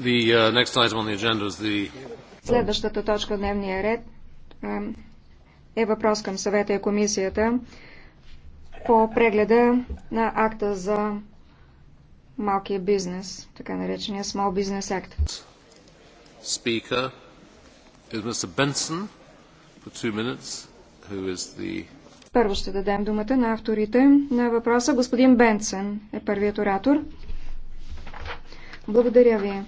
Uh, Следващата точка в дневния ред е въпрос към съвета и комисията по прегледа на акта за малкия бизнес, така наречения Small Business Act. Speaker is Mr. Benson for two minutes, who is the първо ще дадем думата на авторите на въпроса. Господин Бенсен е първият оратор. Благодаря ви.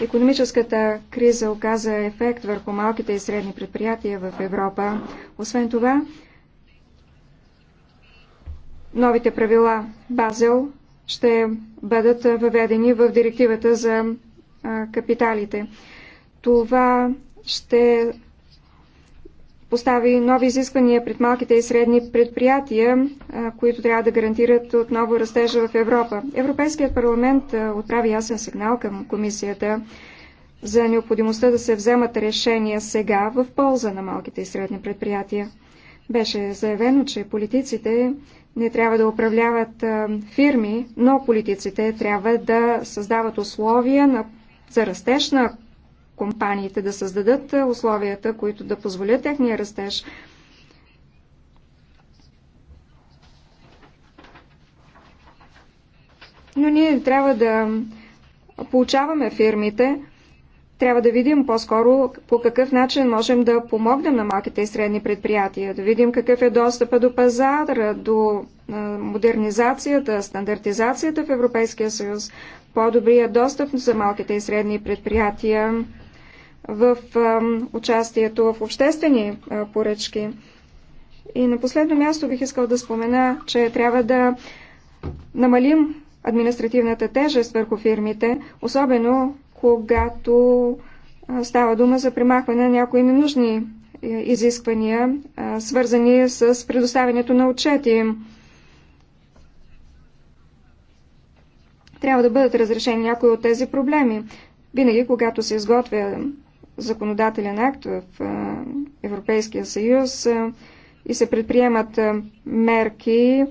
Економическата криза оказа ефект върху малките и средни предприятия в Европа. Освен това, новите правила Базел ще бъдат въведени в директивата за капиталите. Това ще постави нови изисквания пред малките и средни предприятия, които трябва да гарантират отново растежа в Европа. Европейският парламент отправи ясен сигнал към комисията за необходимостта да се вземат решения сега в полза на малките и средни предприятия. Беше заявено, че политиците не трябва да управляват фирми, но политиците трябва да създават условия на, за растеж на компаниите, да създадат условията, които да позволят техния растеж. Но ние трябва да получаваме фирмите, трябва да видим по-скоро по какъв начин можем да помогнем на малките и средни предприятия, да видим какъв е достъпа до пазара, до модернизацията, стандартизацията в Европейския съюз, по-добрия достъп за малките и средни предприятия, в участието в обществени поръчки. И на последно място бих искал да спомена, че трябва да намалим административната тежест върху фирмите, особено когато става дума за примахване на някои ненужни е, изисквания, свързани с предоставянето на отчети. Трябва да бъдат разрешени някои от тези проблеми. Винаги, когато се изготвя законодателен акт в Европейския съюз и се предприемат мерки,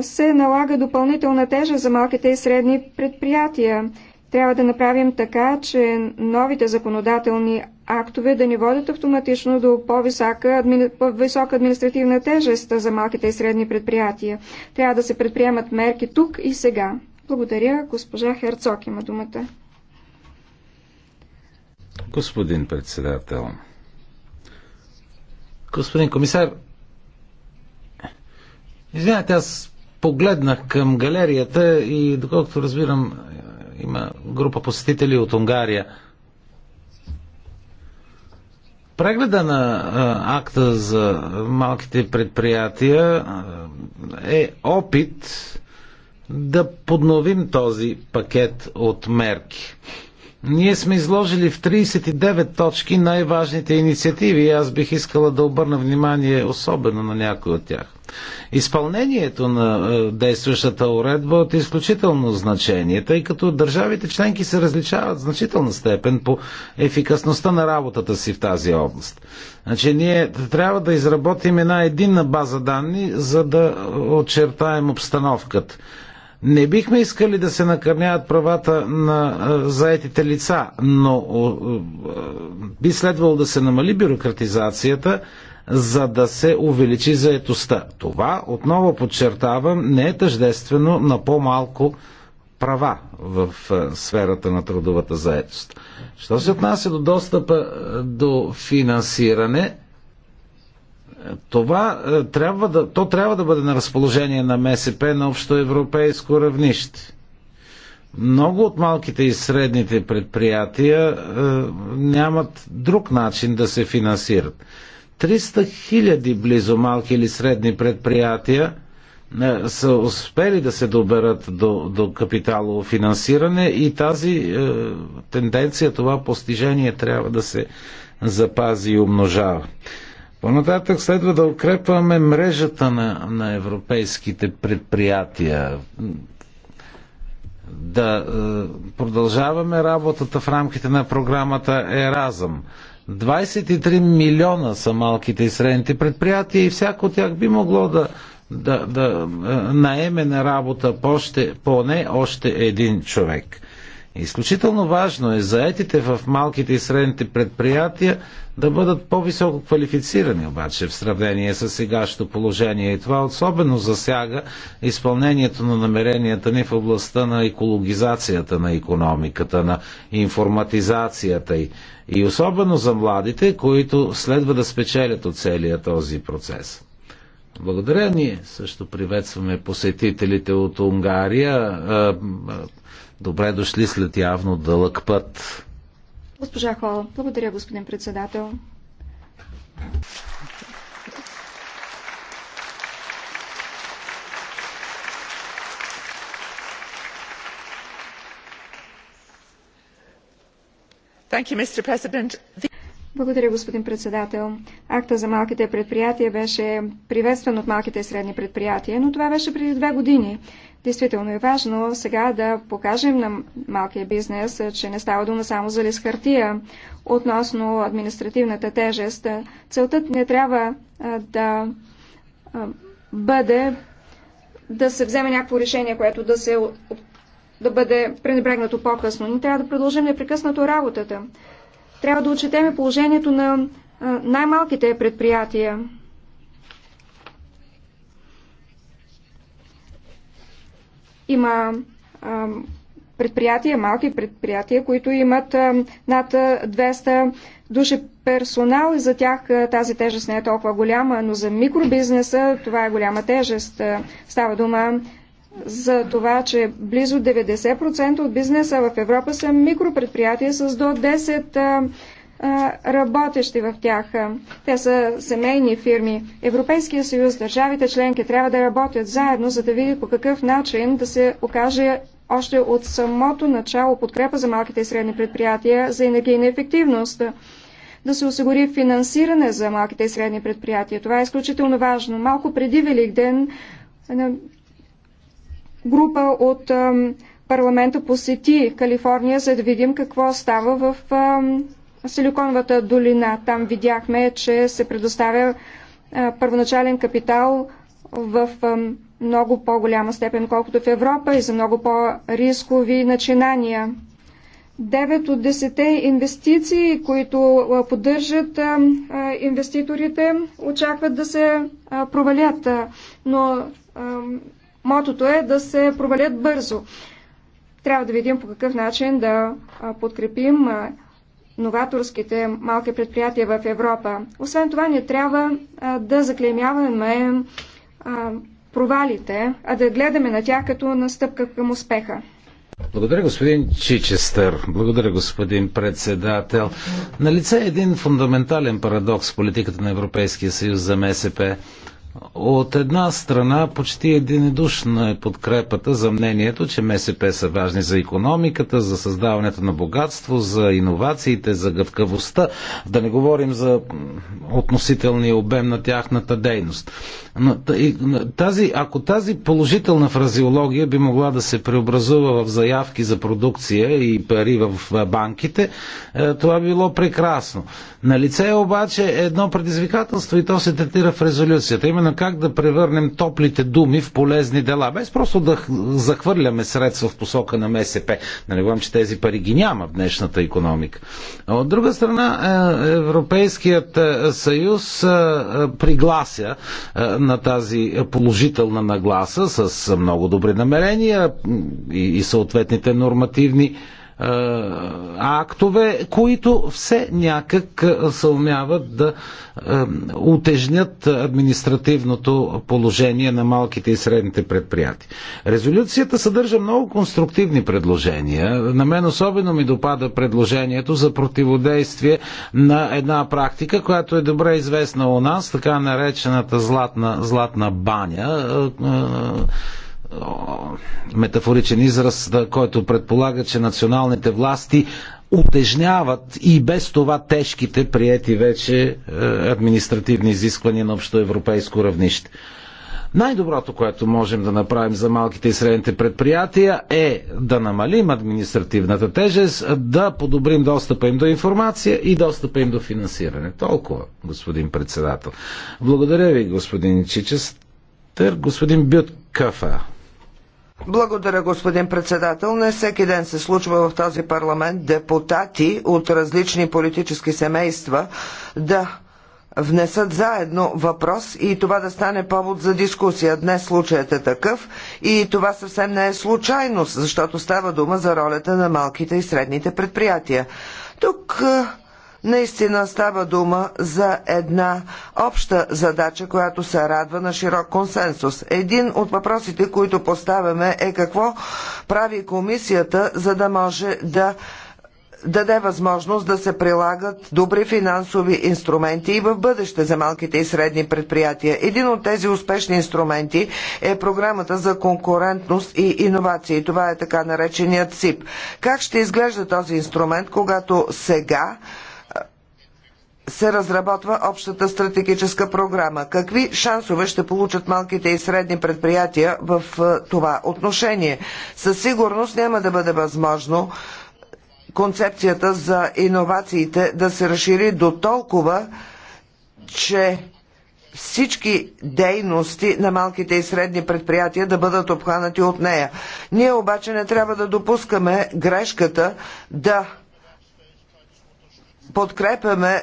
се налага допълнителна тежа за малките и средни предприятия. Трябва да направим така, че новите законодателни актове да не водят автоматично до по-висока, адми... по-висока административна тежест за малките и средни предприятия. Трябва да се предприемат мерки тук и сега. Благодаря. Госпожа Херцог има думата. Господин председател, господин комисар, извинявайте, аз погледнах към галерията и доколкото разбирам, има група посетители от Унгария. Прегледа на акта за малките предприятия е опит да подновим този пакет от мерки. Ние сме изложили в 39 точки най-важните инициативи и аз бих искала да обърна внимание особено на някои от тях. Изпълнението на е, действащата уредба е от изключително значение, тъй като държавите членки се различават в значителна степен по ефикасността на работата си в тази област. Значи ние трябва да изработим една единна база данни, за да очертаем обстановката. Не бихме искали да се накърняват правата на заетите лица, но би следвало да се намали бюрократизацията, за да се увеличи заетостта. Това, отново подчертавам, не е тъждествено на по-малко права в сферата на трудовата заетост. Що се отнася до достъпа до финансиране, това е, трябва да, то трябва да бъде на разположение на МСП на общоевропейско равнище. Много от малките и средните предприятия е, нямат друг начин да се финансират. 300 хиляди близо малки или средни предприятия е, са успели да се доберат до, до капиталово финансиране и тази е, тенденция, това постижение трябва да се запази и умножава. Понататък следва да укрепваме мрежата на, на европейските предприятия, да е, продължаваме работата в рамките на програмата Еразъм. 23 милиона са малките и средните предприятия и всяко от тях би могло да, да, да е, наеме на работа по още, поне още един човек. Изключително важно е заетите в малките и средните предприятия да бъдат по-високо квалифицирани обаче в сравнение с сегашното положение. И това особено засяга изпълнението на намеренията ни в областта на екологизацията на економиката, на информатизацията и, и особено за младите, които следва да спечелят от целия този процес. Благодаря. Ние също приветстваме посетителите от Унгария. Е, е, Добре дошли след явно дълъг път. Госпожа Хол, благодаря, господин председател. Благодаря, господин председател. Акта за малките предприятия беше приветстван от малките и средни предприятия, но това беше преди две години. Действително е важно сега да покажем на малкия бизнес, че не става дума само за лист хартия относно административната тежест. Целта не трябва да бъде да се вземе някакво решение, което да се да бъде пренебрегнато по-късно. Ние трябва да продължим непрекъснато работата. Трябва да отчетеме положението на най-малките предприятия. Има предприятия, малки предприятия, които имат над 200 души персонал и за тях тази тежест не е толкова голяма, но за микробизнеса това е голяма тежест. Става дума за това, че близо 90% от бизнеса в Европа са микропредприятия с до 10 работещи в тях. Те са семейни фирми. Европейския съюз, държавите членки трябва да работят заедно, за да видят по какъв начин да се окаже още от самото начало подкрепа за малките и средни предприятия за енергийна ефективност. Да се осигури финансиране за малките и средни предприятия. Това е изключително важно. Малко преди Великден група от парламента посети Калифорния, за да видим какво става в Силиконовата долина. Там видяхме, че се предоставя първоначален капитал в много по-голяма степен, колкото в Европа и за много по-рискови начинания. Девет от десете инвестиции, които поддържат инвеститорите, очакват да се провалят, но мотото е да се провалят бързо. Трябва да видим по какъв начин да подкрепим новаторските малки предприятия в Европа. Освен това, не трябва а, да заклемяваме а, провалите, а да гледаме на тях като настъпка към успеха. Благодаря, господин Чичестър. Благодаря, господин председател. На лице е един фундаментален парадокс в политиката на Европейския съюз за МСП. От една страна почти единодушна е подкрепата за мнението, че МСП са важни за економиката, за създаването на богатство, за иновациите, за гъвкавостта, да не говорим за относителния обем на тяхната дейност. Но, тази, ако тази положителна фразеология би могла да се преобразува в заявки за продукция и пари в банките, е, това би било прекрасно. На лице е обаче едно предизвикателство и то се третира в резолюцията. Именно на как да превърнем топлите думи в полезни дела, без просто да захвърляме средства в посока на МСП. Нали, говорим, че тези пари ги няма в днешната економика. От друга страна, е, Европейският е, съюз е, приглася на тази положителна нагласа с много добри намерения и съответните нормативни е, актове, които все някак е, съумяват да е, утежнят административното положение на малките и средните предприятия. Резолюцията съдържа много конструктивни предложения. На мен особено ми допада предложението за противодействие на една практика, която е добре известна у нас, така наречената златна, златна баня метафоричен израз, който предполага, че националните власти утежняват и без това тежките, приети вече е, административни изисквания на общоевропейско равнище. Най-доброто, което можем да направим за малките и средните предприятия е да намалим административната тежест, да подобрим достъпа им до информация и достъпа им до финансиране. Толкова, господин председател. Благодаря ви, господин Чичестър. Господин Бют Кафа. Благодаря, господин председател. Не всеки ден се случва в този парламент депутати от различни политически семейства да внесат заедно въпрос и това да стане повод за дискусия. Днес случаят е такъв и това съвсем не е случайност, защото става дума за ролята на малките и средните предприятия. Тук Наистина става дума за една обща задача, която се радва на широк консенсус. Един от въпросите, които поставяме е какво прави комисията, за да може да даде възможност да се прилагат добри финансови инструменти и в бъдеще за малките и средни предприятия. Един от тези успешни инструменти е програмата за конкурентност и иновации. Това е така нареченият СИП. Как ще изглежда този инструмент, когато сега се разработва общата стратегическа програма. Какви шансове ще получат малките и средни предприятия в е, това отношение? Със сигурност няма да бъде възможно концепцията за иновациите да се разшири до толкова, че всички дейности на малките и средни предприятия да бъдат обхванати от нея. Ние обаче не трябва да допускаме грешката да подкрепяме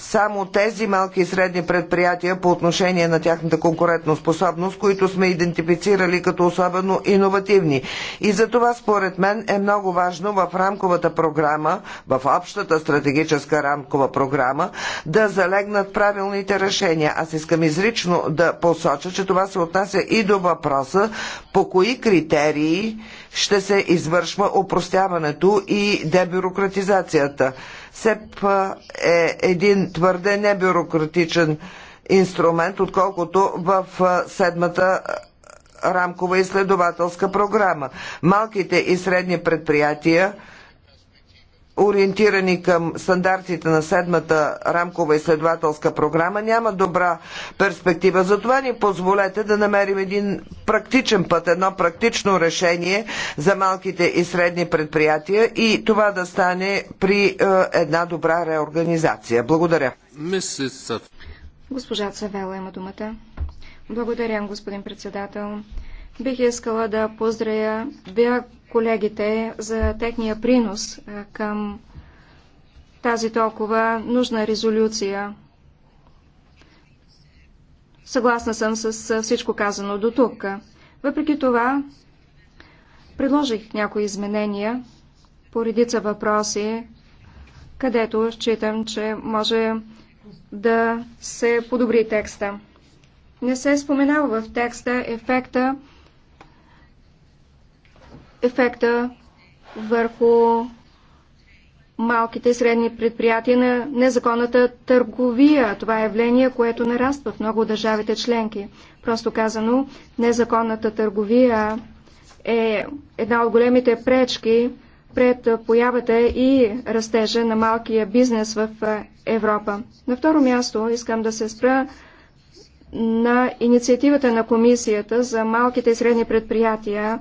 само тези малки и средни предприятия по отношение на тяхната конкурентоспособност, които сме идентифицирали като особено иновативни. И за това според мен е много важно в рамковата програма, в общата стратегическа рамкова програма, да залегнат правилните решения. Аз искам изрично да посоча, че това се отнася и до въпроса по кои критерии ще се извършва опростяването и дебюрократизацията. СЕП е един твърде небюрократичен инструмент, отколкото в седмата рамкова изследователска програма. Малките и средни предприятия ориентирани към стандартите на седмата рамкова изследователска програма, няма добра перспектива. Затова ни позволете да намерим един практичен път, едно практично решение за малките и средни предприятия и това да стане при е, една добра реорганизация. Благодаря. Госпожа Цавела има думата. Благодаря, господин председател. Бих искала да поздравя бя колегите за техния принос към тази толкова нужна резолюция. Съгласна съм с всичко казано до тук. Въпреки това, предложих някои изменения по редица въпроси, където считам, че може да се подобри текста. Не се е споменава в текста ефекта ефекта върху малките и средни предприятия на незаконната търговия. Това е явление, което нараства в много държавите членки. Просто казано, незаконната търговия е една от големите пречки пред появата и растежа на малкия бизнес в Европа. На второ място искам да се спра на инициативата на комисията за малките и средни предприятия,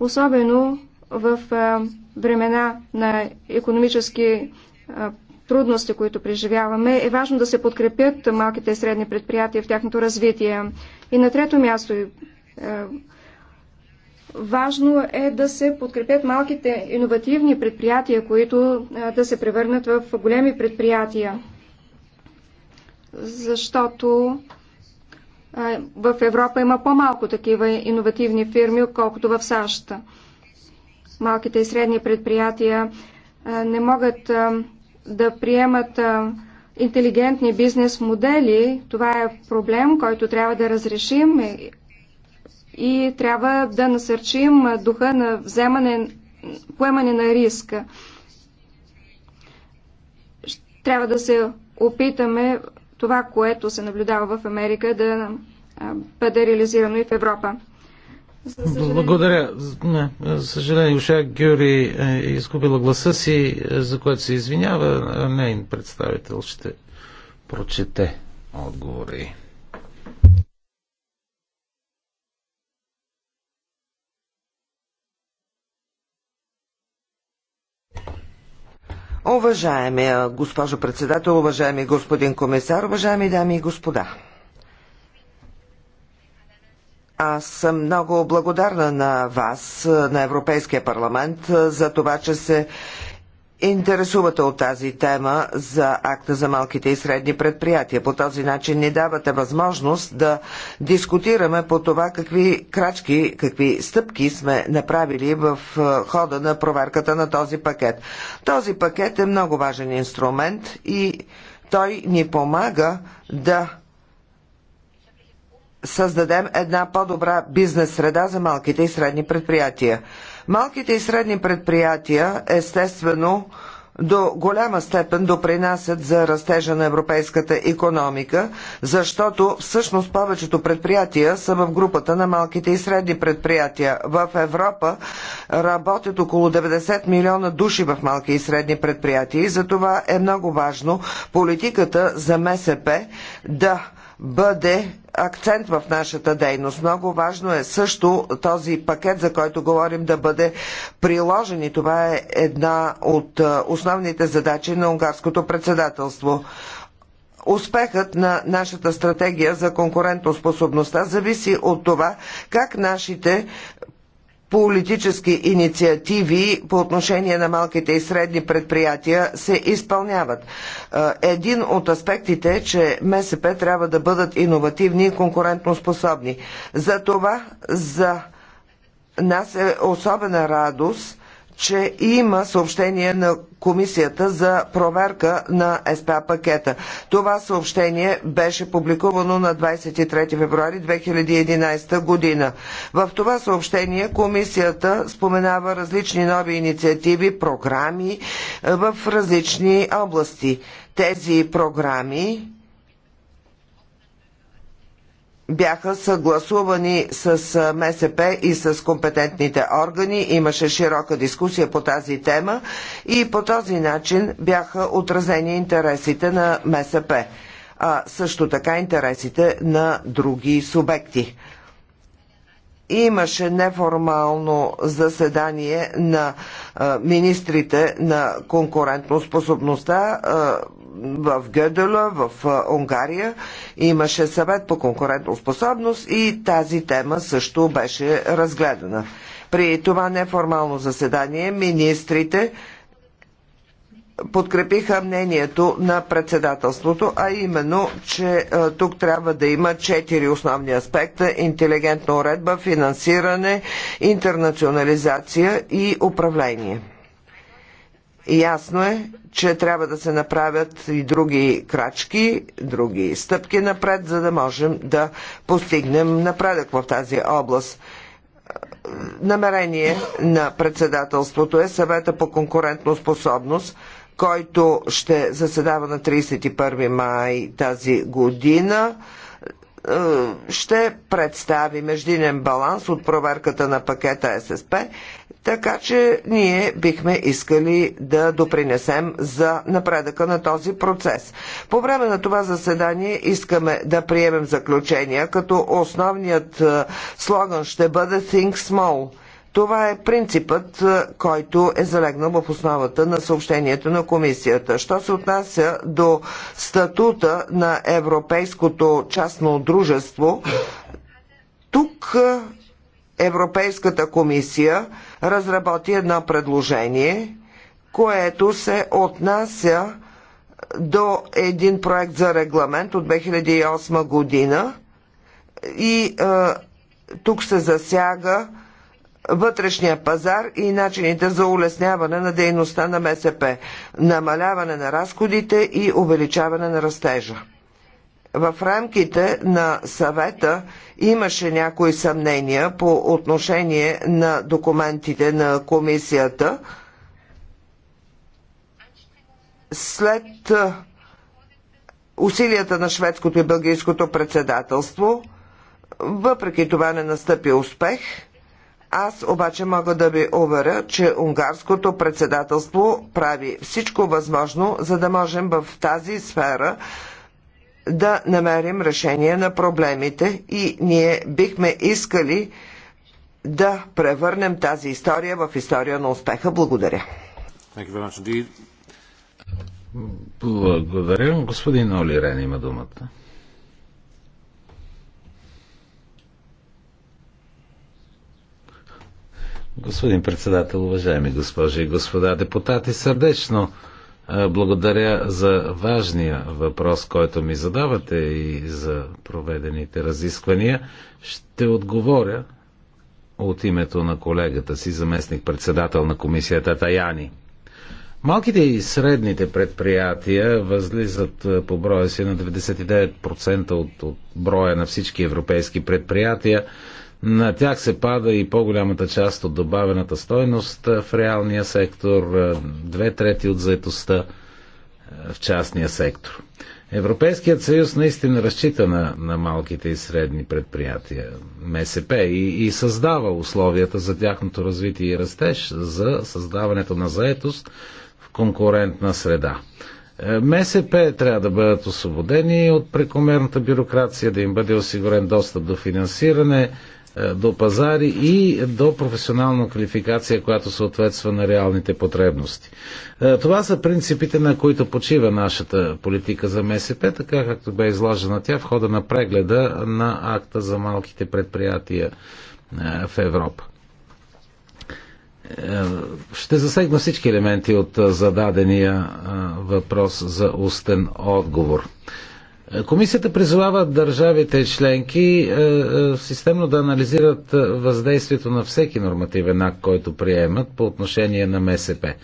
особено в времена на економически трудности, които преживяваме, е важно да се подкрепят малките и средни предприятия в тяхното развитие. И на трето място е, важно е да се подкрепят малките иновативни предприятия, които да се превърнат в големи предприятия, защото в Европа има по-малко такива иновативни фирми, отколкото в САЩ. Малките и средни предприятия не могат да приемат интелигентни бизнес модели. Това е проблем, който трябва да разрешим и трябва да насърчим духа на вземане, поемане на риска. Трябва да се опитаме това, което се наблюдава в Америка, да бъде реализирано и в Европа. Съжаление... Благодаря. Не, за съжаление, Уша Гюри е, е изгубила гласа си, е, за което се извинява. Нейн представител ще прочете отговори. Уважаеми госпожо председател, уважаеми господин комисар, уважаеми дами и господа. Аз съм много благодарна на вас, на Европейския парламент, за това, че се интересувате от тази тема за акта за малките и средни предприятия. По този начин ни давате възможност да дискутираме по това какви крачки, какви стъпки сме направили в е, хода на проверката на този пакет. Този пакет е много важен инструмент и той ни помага да създадем една по-добра бизнес среда за малките и средни предприятия. Малките и средни предприятия, естествено, до голяма степен допринасят за растежа на европейската економика, защото всъщност повечето предприятия са в групата на малките и средни предприятия. В Европа работят около 90 милиона души в малки и средни предприятия и затова е много важно политиката за МСП да бъде акцент в нашата дейност. Много важно е също този пакет, за който говорим, да бъде приложен и това е една от е, основните задачи на унгарското председателство. Успехът на нашата стратегия за конкурентоспособността зависи от това как нашите политически инициативи по отношение на малките и средни предприятия се изпълняват. Е, един от аспектите е, че МСП трябва да бъдат иновативни и конкурентоспособни. За това за нас е особена радост – че има съобщение на комисията за проверка на СПА пакета. Това съобщение беше публикувано на 23 февруари 2011 година. В това съобщение комисията споменава различни нови инициативи, програми е, в различни области. Тези програми бяха съгласувани с МСП и с компетентните органи. Имаше широка дискусия по тази тема и по този начин бяха отразени интересите на МСП, а също така интересите на други субекти. Имаше неформално заседание на министрите на конкурентоспособността. способността в Гедела, в Унгария. Имаше съвет по конкурентоспособност и тази тема също беше разгледана. При това неформално заседание министрите подкрепиха мнението на председателството, а именно, че тук трябва да има четири основни аспекта – интелигентна уредба, финансиране, интернационализация и управление. Ясно е, че трябва да се направят и други крачки, други стъпки напред, за да можем да постигнем напредък в тази област. Намерение на председателството е съвета по способност, който ще заседава на 31 май тази година е, ще представи междинен баланс от проверката на пакета ССП така че ние бихме искали да допринесем за напредъка на този процес. По време на това заседание искаме да приемем заключения, като основният е, слоган ще бъде Think Small. Това е принципът, е, който е залегнал в основата на съобщението на комисията. Що се отнася до статута на Европейското частно дружество, тук е, Европейската комисия разработи едно предложение, което се отнася до един проект за регламент от 2008 година и е, тук се засяга вътрешния пазар и начините за улесняване на дейността на МСП, намаляване на разходите и увеличаване на растежа. В рамките на съвета имаше някои съмнения по отношение на документите на комисията. След усилията на шведското и бългийското председателство, въпреки това не настъпи успех. Аз обаче мога да ви уверя, че унгарското председателство прави всичко възможно, за да можем в тази сфера да намерим решение на проблемите и ние бихме искали да превърнем тази история в история на успеха. Благодаря. Благодаря. Господин Оли Рен има думата. Господин председател, уважаеми госпожи и господа депутати, сърдечно благодаря за важния въпрос, който ми задавате и за проведените разисквания. Ще отговоря от името на колегата си, заместник-председател на комисията Таяни. Малките и средните предприятия възлизат по броя си на 99% от, от броя на всички европейски предприятия. На тях се пада и по-голямата част от добавената стойност в реалния сектор, две трети от заетостта в частния сектор. Европейският съюз наистина разчита на, на малките и средни предприятия, МСП, и, и създава условията за тяхното развитие и растеж, за създаването на заетост в конкурентна среда. Е, МСП трябва да бъдат освободени от прекомерната бюрокрация, да им бъде осигурен достъп до финансиране, е, до пазари и до професионална квалификация, която съответства на реалните потребности. Е, това са принципите, на които почива нашата политика за МСП, така както бе изложена тя в хода на прегледа на акта за малките предприятия е, в Европа. Ще засегна всички елементи от зададения въпрос за устен отговор. Комисията призовава държавите членки е, е, системно да анализират е, въздействието на всеки нормативен акт, който приемат по отношение на МСП.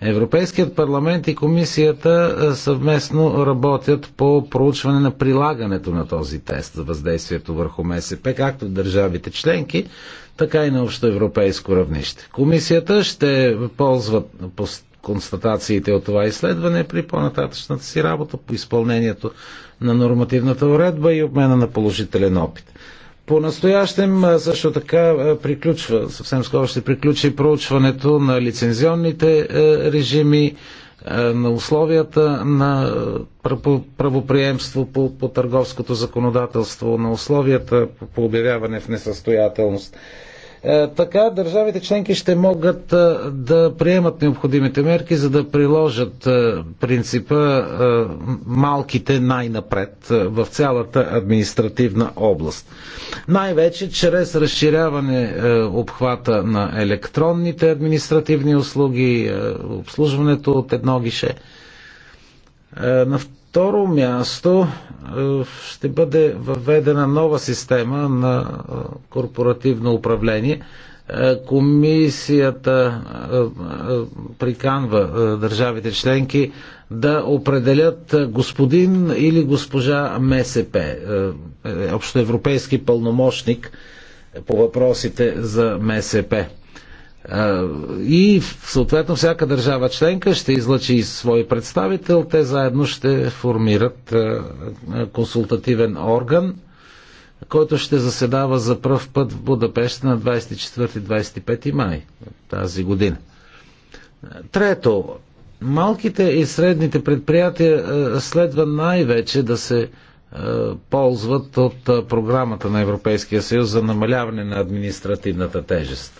Европейският парламент и комисията съвместно работят по проучване на прилагането на този тест за въздействието върху МСП, както в държавите членки, така и на общоевропейско равнище. Комисията ще ползва констатациите от това изследване при по-нататъчната си работа по изпълнението на нормативната уредба и обмена на положителен опит. По-настоящем също така приключва, съвсем скоро ще приключи проучването на лицензионните е, режими, е, на условията на е, правоприемство по, по търговското законодателство, на условията по обявяване в несъстоятелност. Е, така държавите членки ще могат е, да приемат необходимите мерки, за да приложат е, принципа малките най-напред в цялата административна област. Най-вече чрез разширяване обхвата на електронните административни услуги, обслужването от едно гише. На второ място е, ще бъде въведена нова система на е, корпоративно управление. Е, комисията приканва държавите членки да определят господин или госпожа МСП, общоевропейски пълномощник по въпросите за МСП. И съответно всяка държава членка ще излъчи свой представител, те заедно ще формират консултативен орган, който ще заседава за пръв път в Будапешт на 24-25 май тази година. Трето, малките и средните предприятия следва най-вече да се ползват от програмата на Европейския съюз за намаляване на административната тежест.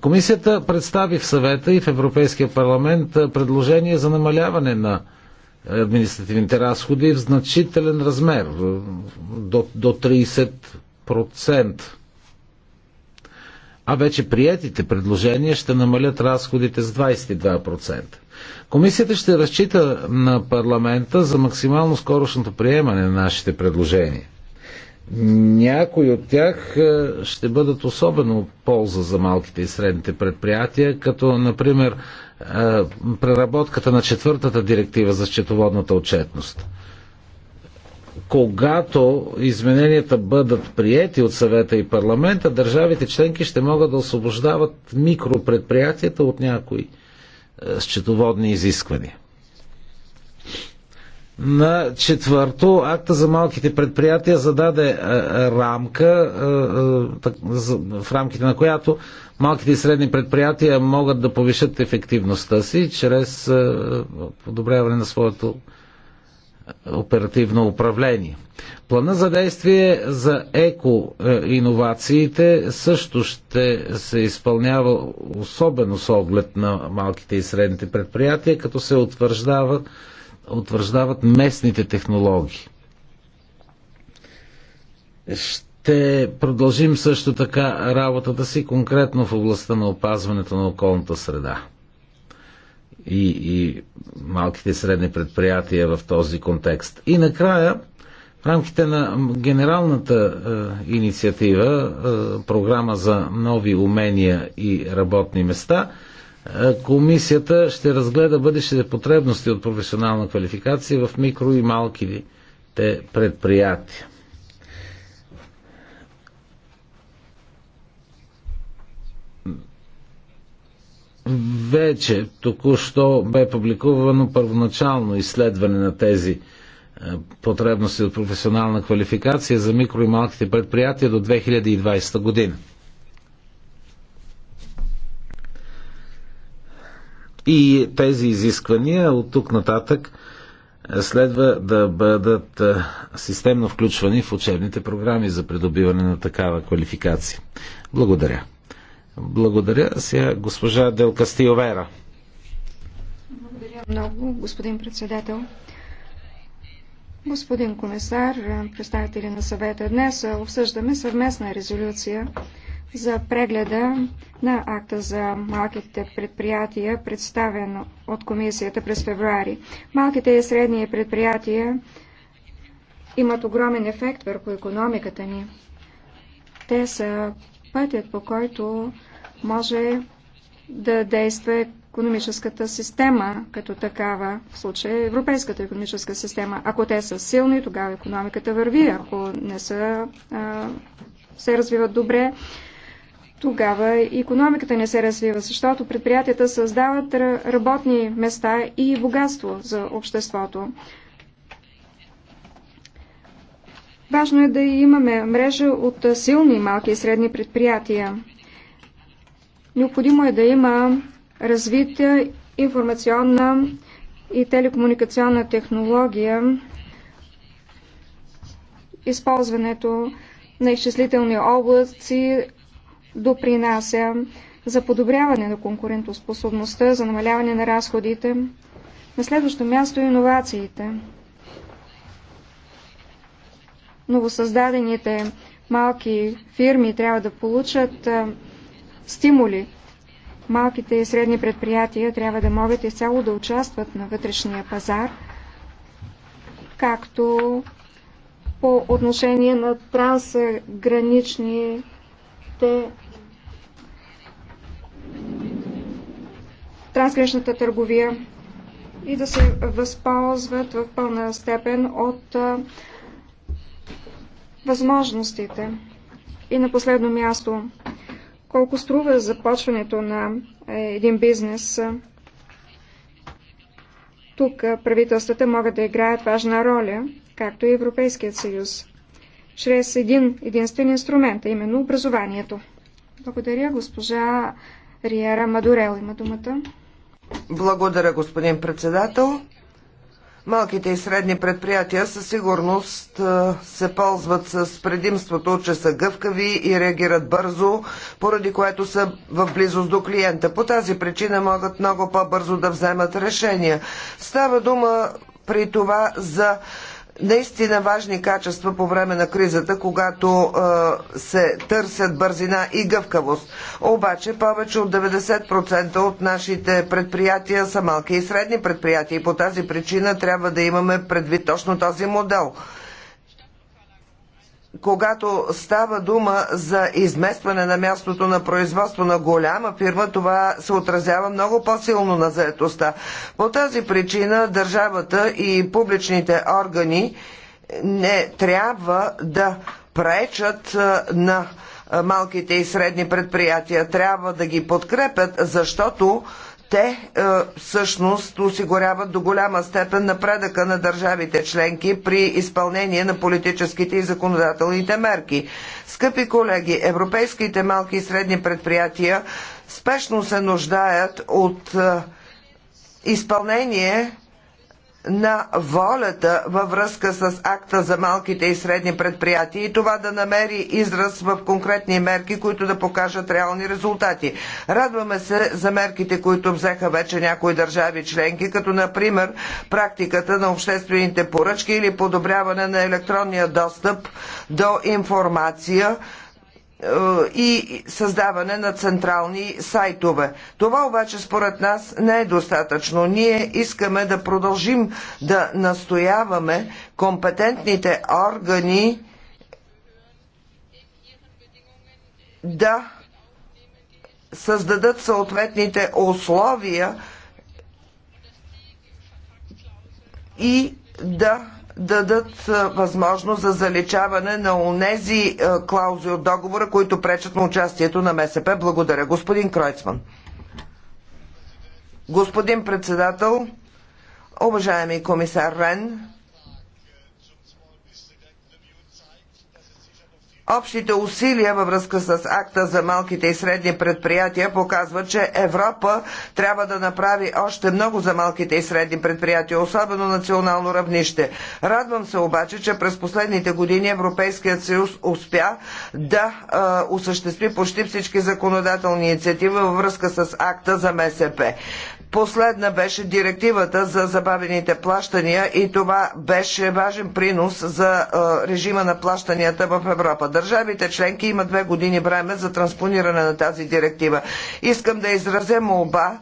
Комисията представи в съвета и в Европейския парламент предложение за намаляване на административните разходи в значителен размер до, до 30%. А вече приетите предложения ще намалят разходите с 22%. Комисията ще разчита на парламента за максимално скорошното приемане на нашите предложения – някои от тях е, ще бъдат особено полза за малките и средните предприятия, като например е, преработката на четвъртата директива за счетоводната отчетност. Когато измененията бъдат приети от съвета и парламента, държавите членки ще могат да освобождават микропредприятията от някои е, счетоводни изисквания на четвърто, акта за малките предприятия зададе е, е, рамка, е, в рамките на която малките и средни предприятия могат да повишат ефективността си чрез подобряване на своето оперативно управление. Плана за действие за еко-инновациите също ще се изпълнява особено с оглед на малките и средните предприятия, като се утвърждава утвърждават местните технологии. Ще продължим също така работата си конкретно в областта на опазването на околната среда и, и малките и средни предприятия в този контекст. И накрая, в рамките на генералната е, инициатива, е, програма за нови умения и работни места – е, комисията ще разгледа бъдещите потребности от професионална квалификация в микро и малките предприятия. Вече току-що бе публикувано първоначално изследване на тези е, потребности от професионална квалификация за микро и малките предприятия до 2020 година. И тези изисквания от тук нататък е, следва да бъдат е, системно включвани в учебните програми за придобиване на такава квалификация. Благодаря. Благодаря. Сега госпожа Делка Стиовера. Благодаря много, господин председател. Господин комисар, представители на съвета, днес обсъждаме съвместна резолюция за прегледа на акта за малките предприятия, представен от комисията през февруари. Малките и средни предприятия имат огромен ефект върху економиката ни. Те са пътят, по който може да действа економическата система като такава, в случая европейската економическа система. Ако те са силни, тогава економиката върви. Ако не са, се развиват добре, тогава економиката не се развива, защото предприятията създават работни места и богатство за обществото. Важно е да имаме мрежа от силни малки и средни предприятия. Необходимо е да има развита информационна и телекомуникационна технология, използването на изчислителни облаци допринася за подобряване на конкурентоспособността, за намаляване на разходите. На следващо място иновациите. Новосъздадените малки фирми трябва да получат стимули. Малките и средни предприятия трябва да могат изцяло да участват на вътрешния пазар, както по отношение на трансгранични сте трансграничната търговия и да се възползват в пълна степен от възможностите. И на последно място, колко струва започването на един бизнес? Тук правителствата могат да играят важна роля, както и Европейският съюз чрез един единствен инструмент, а именно образованието. Благодаря, госпожа Риера Мадурел има думата. Благодаря, господин председател. Малките и средни предприятия със сигурност се ползват с предимството, че са гъвкави и реагират бързо, поради което са в близост до клиента. По тази причина могат много по-бързо да вземат решения. Става дума при това за наистина важни качества по време на кризата, когато е, се търсят бързина и гъвкавост. Обаче повече от 90% от нашите предприятия са малки и средни предприятия и по тази причина трябва да имаме предвид точно този модел когато става дума за изместване на мястото на производство на голяма фирма, това се отразява много по-силно на заетостта. По тази причина държавата и публичните органи не трябва да пречат на малките и средни предприятия. Трябва да ги подкрепят, защото те е, всъщност осигуряват до голяма степен напредъка на държавите членки при изпълнение на политическите и законодателните мерки. Скъпи колеги, европейските малки и средни предприятия спешно се нуждаят от е, изпълнение на волята във връзка с акта за малките и средни предприятия и това да намери израз в конкретни мерки, които да покажат реални резултати. Радваме се за мерките, които взеха вече някои държави членки, като например практиката на обществените поръчки или подобряване на електронния достъп до информация и създаване на централни сайтове. Това обаче според нас не е достатъчно. Ние искаме да продължим да настояваме компетентните органи да създадат съответните условия и да дадат възможност за заличаване на онези клаузи от договора, които пречат на участието на МСП. Благодаря. Господин Кройцман. Господин председател, уважаеми комисар Рен, Общите усилия във връзка с акта за малките и средни предприятия показват, че Европа трябва да направи още много за малките и средни предприятия, особено национално равнище. Радвам се обаче, че през последните години Европейският съюз успя да е, осъществи почти всички законодателни инициативи във връзка с акта за МСП. Последна беше директивата за забавените плащания и това беше важен принос за е, режима на плащанията в Европа. Държавите членки имат две години време за транспониране на тази директива. Искам да изразя молба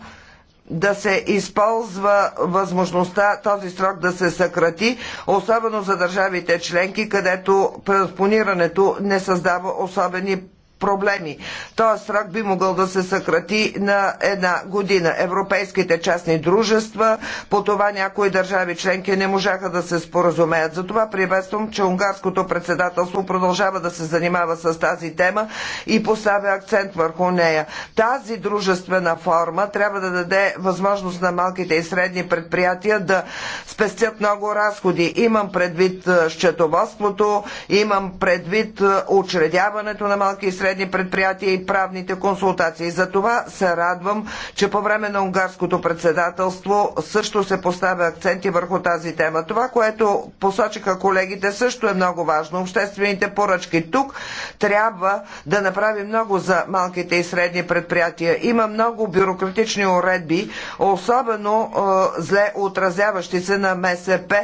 да се използва възможността този срок да се съкрати, особено за държавите членки, където транспонирането не създава особени проблеми. Този срок би могъл да се съкрати на една година. Европейските частни дружества, по това някои държави членки не можаха да се споразумеят. Затова приветствам, че унгарското председателство продължава да се занимава с тази тема и поставя акцент върху нея. Тази дружествена форма трябва да даде възможност на малките и средни предприятия да спестят много разходи. Имам предвид счетоводството, имам предвид учредяването на малки и средни средни предприятия и правните консултации. За това се радвам, че по време на унгарското председателство също се поставя акценти върху тази тема. Това, което посочиха колегите, също е много важно. Обществените поръчки тук трябва да направи много за малките и средни предприятия. Има много бюрократични уредби, особено е, зле отразяващи се на МСП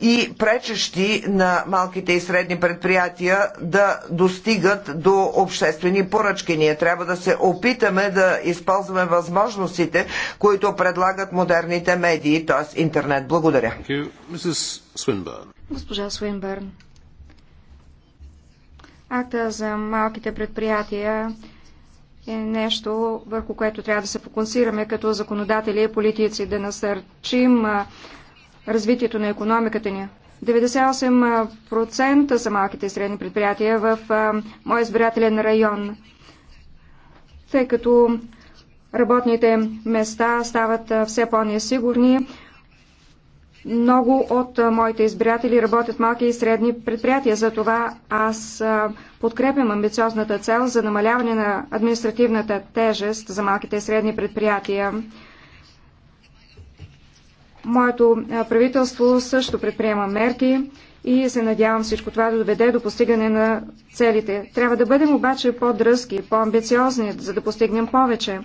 и пречещи на малките и средни предприятия да достигат до обществени поръчки. Ние трябва да се опитаме да използваме възможностите, които предлагат модерните медии, т.е. интернет. Благодаря. Госпожа Свинбърн. Акта за малките предприятия е нещо, върху което трябва да се фокусираме като законодатели и политици, да насърчим развитието на економиката ни. 98% са малките и средни предприятия в моя избирателен район, тъй като работните места стават все по-несигурни. Много от моите избиратели работят малки и средни предприятия, затова аз подкрепям амбициозната цел за намаляване на административната тежест за малките и средни предприятия. Моето правителство също предприема мерки и се надявам всичко това да доведе до постигане на целите. Трябва да бъдем обаче по-дръзки, по-амбициозни, за да постигнем повече.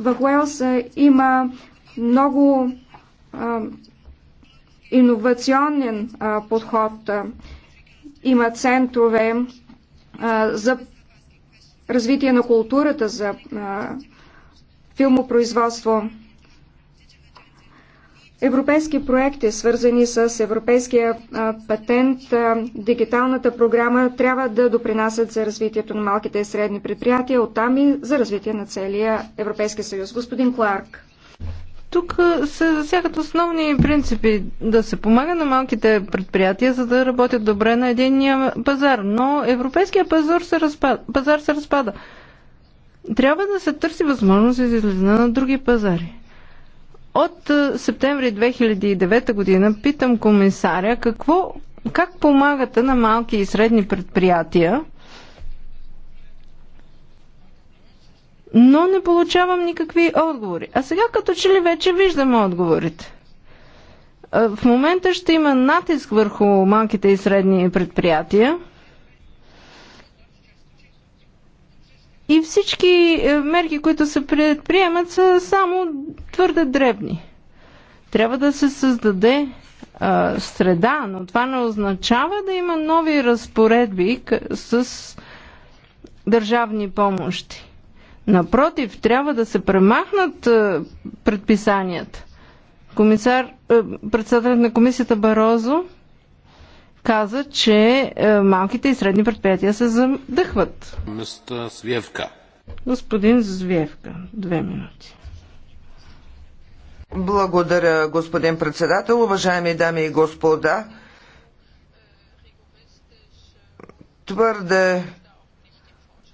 В Уелс има много а, иновационен а, подход. Има центрове а, за развитие на културата, за а, филмопроизводство. Европейски проекти, свързани с европейския патент, дигиталната програма трябва да допринасят за развитието на малките и средни предприятия, оттам и за развитие на целия Европейски съюз. Господин Кларк. Тук се засягат основни принципи да се помага на малките предприятия, за да работят добре на единния пазар. Но европейския пазар се разпада. Пазар се разпада. Трябва да се търси възможност за излизане на други пазари. От е, септември 2009 година питам комисаря какво, как помагате на малки и средни предприятия, но не получавам никакви отговори. А сега като че ли вече виждам отговорите. Е, в момента ще има натиск върху малките и средни предприятия – И всички е, мерки, които се предприемат, са само твърде дребни. Трябва да се създаде а, е, среда, но това не означава да има нови разпоредби с държавни помощи. Напротив, трябва да се премахнат а, е, предписанията. Комисар, а, председателят на комисията Барозо каза, че е, малките и средни предприятия се задъхват. Звевка. Господин Звевка, две минути. Благодаря, господин председател. Уважаеми дами и господа, твърде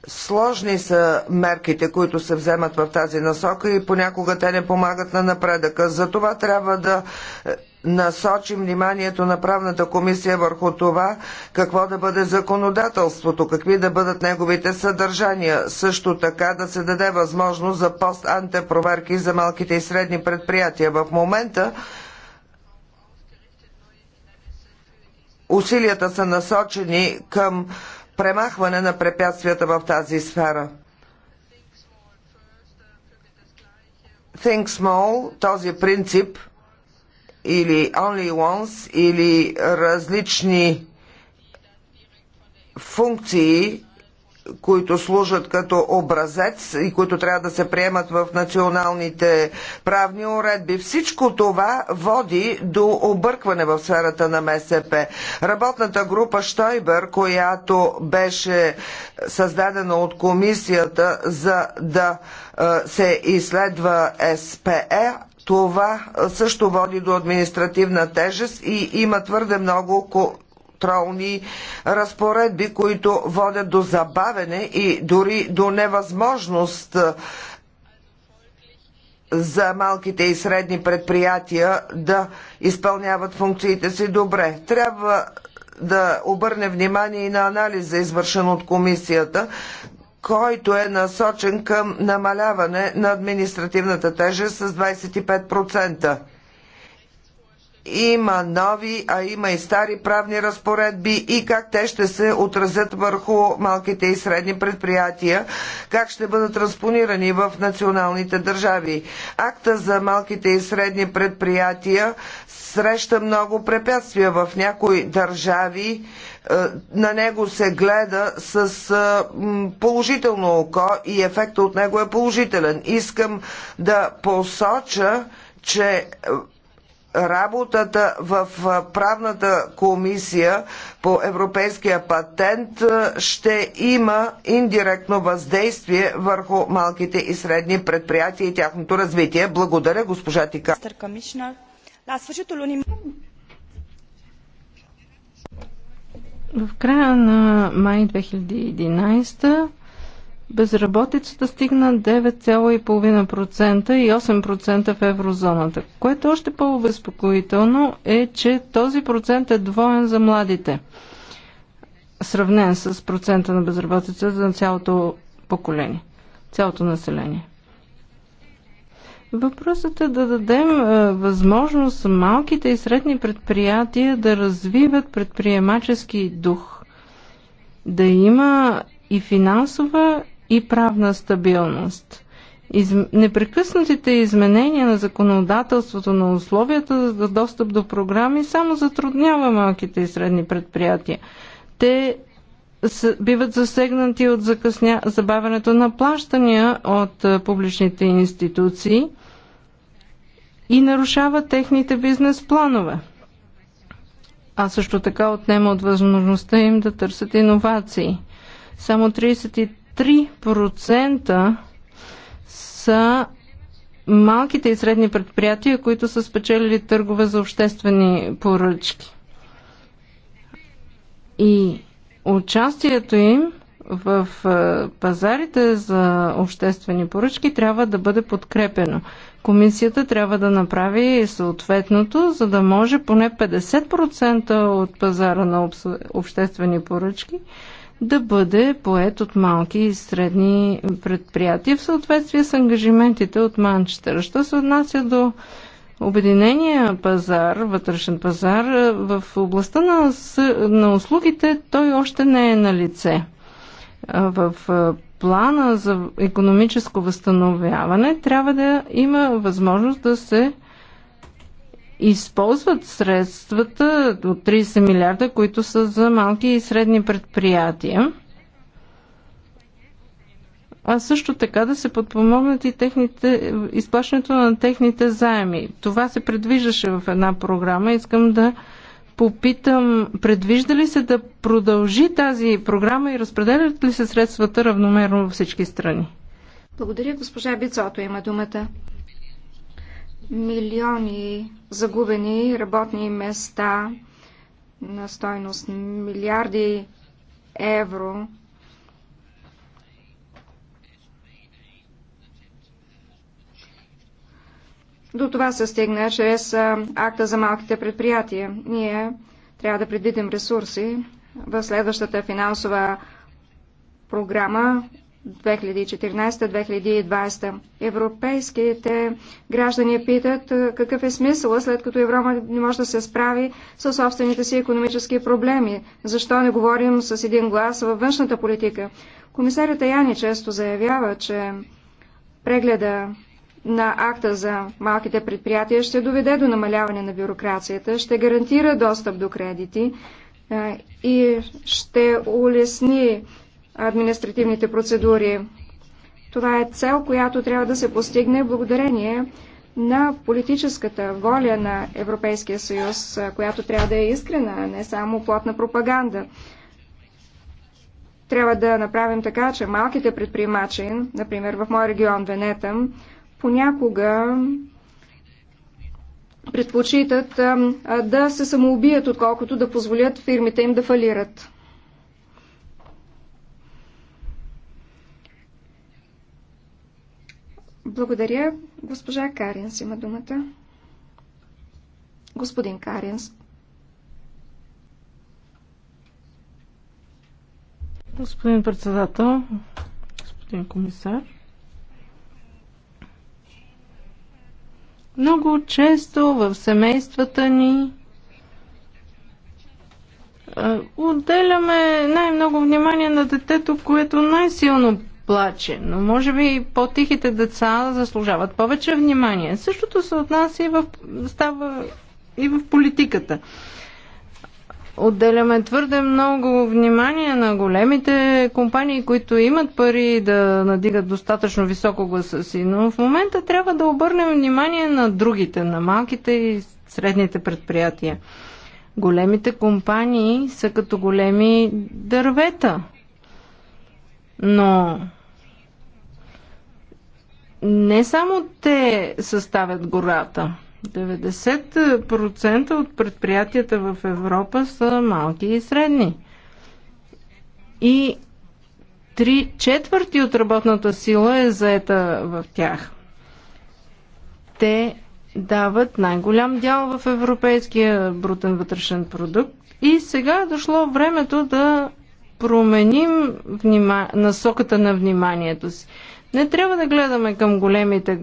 Сложни са мерките, които се вземат в тази насока и понякога те не помагат на напредъка. За това трябва да е, насочим вниманието на правната комисия върху това какво да бъде законодателството, какви да бъдат неговите съдържания, също така да се даде възможност за пост-антепроверки за малките и средни предприятия. В момента усилията са насочени към премахване на препятствията в тази сфера. Think small, този принцип или only once или различни функции които служат като образец и които трябва да се приемат в националните правни уредби. Всичко това води до объркване в сферата на МСП. Работната група Штойбер, която беше създадена от комисията за да се изследва СПЕ, това също води до административна тежест и има твърде много контролни разпоредби, които водят до забавене и дори до невъзможност е, за малките и средни предприятия да изпълняват функциите си добре. Трябва да обърне внимание и на анализа, извършен от комисията, който е насочен към намаляване на административната тежест с 25% има нови, а има и стари правни разпоредби и как те ще се отразят върху малките и средни предприятия, как ще бъдат транспонирани в националните държави. Акта за малките и средни предприятия среща много препятствия в някои държави е, на него се гледа с е, положително око и ефектът от него е положителен. Искам да посоча, че е, работата в правната комисия по европейския патент ще има индиректно въздействие върху малките и средни предприятия и тяхното развитие. Благодаря, госпожа Тика. В края на май 2011 безработицата стигна 9,5% и 8% в еврозоната. Което още по-обезпокоително е, че този процент е двоен за младите, сравнен с процента на безработица за цялото поколение, цялото население. Въпросът е да дадем е, възможност малките и средни предприятия да развиват предприемачески дух, да има и финансова, и правна стабилност. Из... Непрекъснатите изменения на законодателството на условията за достъп до програми само затруднява малките и средни предприятия. Те с... биват засегнати от закъсня... забавянето на плащания от е, публичните институции и нарушава техните бизнес планове. А също така отнема от възможността им да търсят иновации. Само 33 3% са малките и средни предприятия, които са спечелили търгове за обществени поръчки. И участието им в пазарите за обществени поръчки трябва да бъде подкрепено. Комисията трябва да направи съответното, за да може поне 50% от пазара на обществени поръчки да бъде поет от малки и средни предприятия в съответствие с ангажиментите от Манчестър. Що се отнася до Обединения пазар, вътрешен пазар, в областта на, на услугите той още не е на лице. В плана за економическо възстановяване трябва да има възможност да се използват средствата от 30 милиарда, които са за малки и средни предприятия, а също така да се подпомогнат и техните, изплащането на техните заеми. Това се предвиждаше в една програма. Искам да попитам, предвижда ли се да продължи тази програма и разпределят ли се средствата равномерно във всички страни? Благодаря, госпожа Бицото има думата милиони загубени работни места на стойност милиарди евро. До това се стигна чрез акта за малките предприятия. Ние трябва да предвидим ресурси в следващата финансова програма 2014-2020. Европейските граждани питат какъв е смисъл, след като Европа не може да се справи с собствените си економически проблеми. Защо не говорим с един глас във външната политика? Комисарята Яни често заявява, че прегледа на акта за малките предприятия ще доведе до намаляване на бюрокрацията, ще гарантира достъп до кредити и ще улесни административните процедури. Това е цел, която трябва да се постигне благодарение на политическата воля на Европейския съюз, която трябва да е искрена, не само плотна пропаганда. Трябва да направим така, че малките предприемачи, например в мой регион Венета, понякога предпочитат да се самоубият, отколкото да позволят фирмите им да фалират. Благодаря. Госпожа Каринс има думата. Господин Каринс. Господин председател, господин комисар. Много често в семействата ни отделяме най-много внимание на детето, което най-силно плаче, но може би по-тихите деца заслужават повече внимание. Същото се отнася и в, става и в политиката. Отделяме твърде много внимание на големите компании, които имат пари да надигат достатъчно високо гласа си, но в момента трябва да обърнем внимание на другите, на малките и средните предприятия. Големите компании са като големи дървета, но не само те съставят гората. 90% от предприятията в Европа са малки и средни. И три четвърти от работната сила е заета в тях. Те дават най-голям дял в европейския брутен вътрешен продукт и сега е дошло времето да променим внима... насоката на вниманието си. Не трябва да гледаме към големите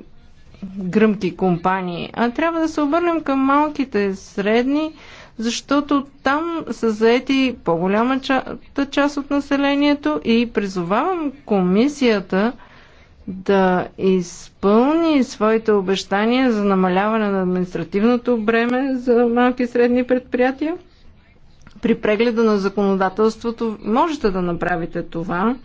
гръмки компании, а трябва да се обърнем към малките, средни, защото там са заети по-голямата част от населението и призовавам комисията да изпълни своите обещания за намаляване на административното бреме за малки и средни предприятия. При прегледа на законодателството можете да направите това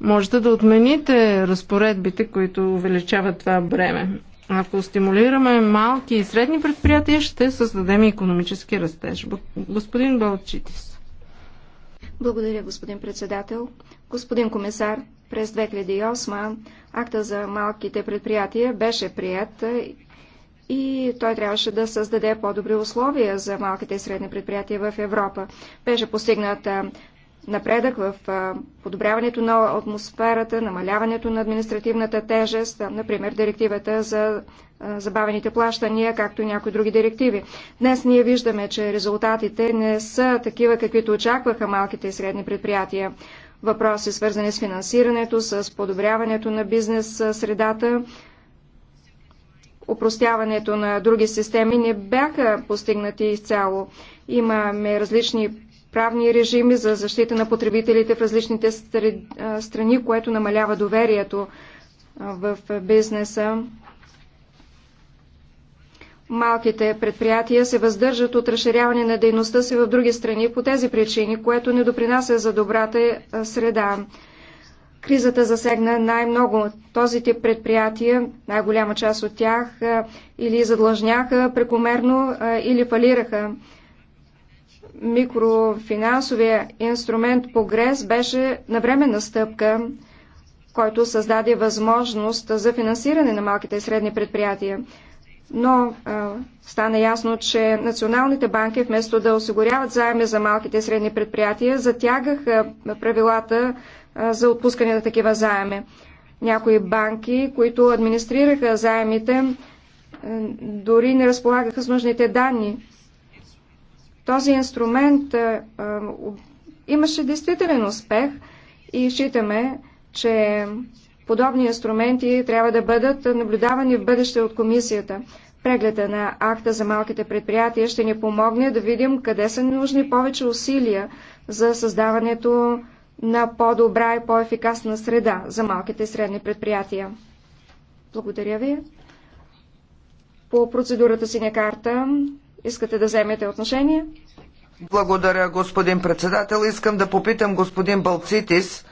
можете да отмените разпоредбите, които увеличават това бреме. Ако стимулираме малки и средни предприятия, ще създадем економически растеж. Господин Балчитис. Благодаря, господин председател. Господин комисар, през 2008 акта за малките предприятия беше прият и той трябваше да създаде по-добри условия за малките и средни предприятия в Европа. Беше постигната напредък в подобряването на атмосферата, намаляването на административната тежест, например директивата за забавените плащания, както и някои други директиви. Днес ние виждаме, че резултатите не са такива, каквито очакваха малките и средни предприятия. Въпроси свързани с финансирането, с подобряването на бизнес средата, упростяването на други системи не бяха постигнати изцяло. Имаме различни правни режими за защита на потребителите в различните страни, което намалява доверието в бизнеса. Малките предприятия се въздържат от разширяване на дейността си в други страни по тези причини, което не допринася за добрата среда. Кризата засегна най-много този тип предприятия, най-голяма част от тях или задлъжняха прекомерно, или фалираха микрофинансовия инструмент Прогрес беше навременна стъпка, който създаде възможност за финансиране на малките и средни предприятия. Но а, стана ясно, че националните банки, вместо да осигуряват заеми за малките и средни предприятия, затягаха правилата а, за отпускане на такива заеми. Някои банки, които администрираха заемите, дори не разполагаха с нужните данни. Този инструмент а, е, е, имаше действителен успех и считаме, че подобни инструменти трябва да бъдат наблюдавани в бъдеще от комисията. Прегледа на акта за малките предприятия ще ни помогне да видим къде са нужни повече усилия за създаването на по-добра и по-ефикасна среда за малките и средни предприятия. Благодаря ви. По процедурата синя карта Искате да вземете отношение? Благодаря, господин председател. Искам да попитам господин Балцитис